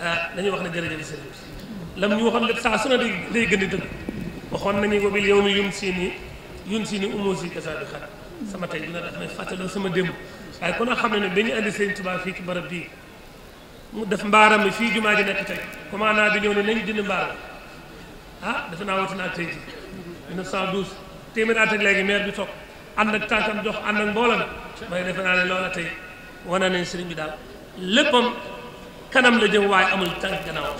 ah dañuy wax ne jërëjëf sëriñ bi lam ñu waxoon lépp saa su ne day day gën di dëgg waxoon nañu wabil yow mi yun si ni yun si ni umu si kasa bi xat sama tey bi nga daf sama démb waaye kon a xam ne ne ba ñu andi ki Tuubaa fii ci barab bii mu def mbaaram mi fii jumaa ji nekk tey commandant bi ñëw ne nañ dindi mbaaram ah dafa naa wati naa tey ji 1912 téeméer at ak léegi maire bi toog ànd ak tànkam jox ànd ak mboolam may defe naa ne loola tey wane nañ sëriñ bi daal kanam la jëm waay amul tànk gannaaw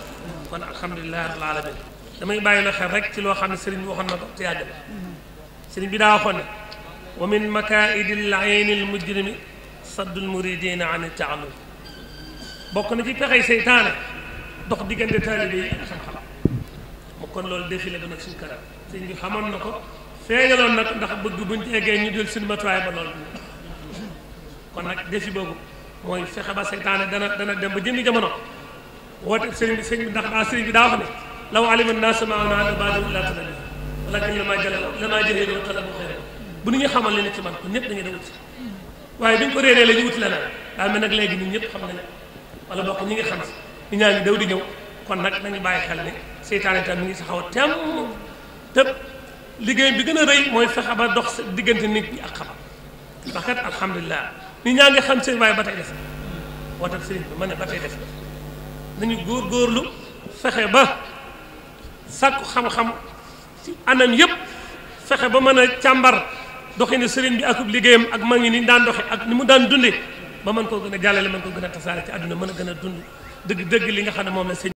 kon alhamdulilah rabbil alamin damay bàyyi na xel rek ci loo xam ne sëriñ bi ko te yàgg bi daa waxoon ne wa min makaidil aynil mujrimi saddul muridina an taallum bokk na ci pexey seytaane dox diggante taalibe yi ak xam-xam mu kon loolu défilé ba nag suñu kanam xamoon na ko feeñaloon nag ndax bëgg buñ ci eggee ñu jël suñu matuwaay ba loolu kon nag défi mooy fexe ba seytaane dana dana dem ba jëmmi jamono woote sëriñ bi sëriñ bi ndax daa sëriñ bi daa wax ne law alima naasu maa naa baadu laa tanabi walakin lamaa jala lamaa jahilu wa talabu xayra bu nu ñu xamal leen ci man ko ñëpp dañuy dem wuti waaye bi ñu ko réeree la ñu wuti leneen daa mel nag léegi ñun ñëpp xam nañu wala bokk ñi ngi xam si ni ñaa ngi daw di ñëw kon nag nañu bàyyi xel ne seytaane tam mi ngi saxaw temm tëb liggéey bi gën a rëy mooy fexe ba dox diggante nit ñi ak xabar ndax kat alhamdulilah nit ñaa ngi xam sëriñ waaye ba tey def moo tax sëriñ bi ma ne ba tey def nañu góor góorlu fexe ba sàkku xam-xam ci anam yëpp fexe ba mën a càmbar doxini sëriñ bi akub liggéeyam ak ma ngi ni daan doxe ak ni mu daan dunde ba mën koo gën a jàllale mën koo gën a tasaare ci àdduna mën a gën a dund dëgg dëgg li nga xam ne moom la sëñ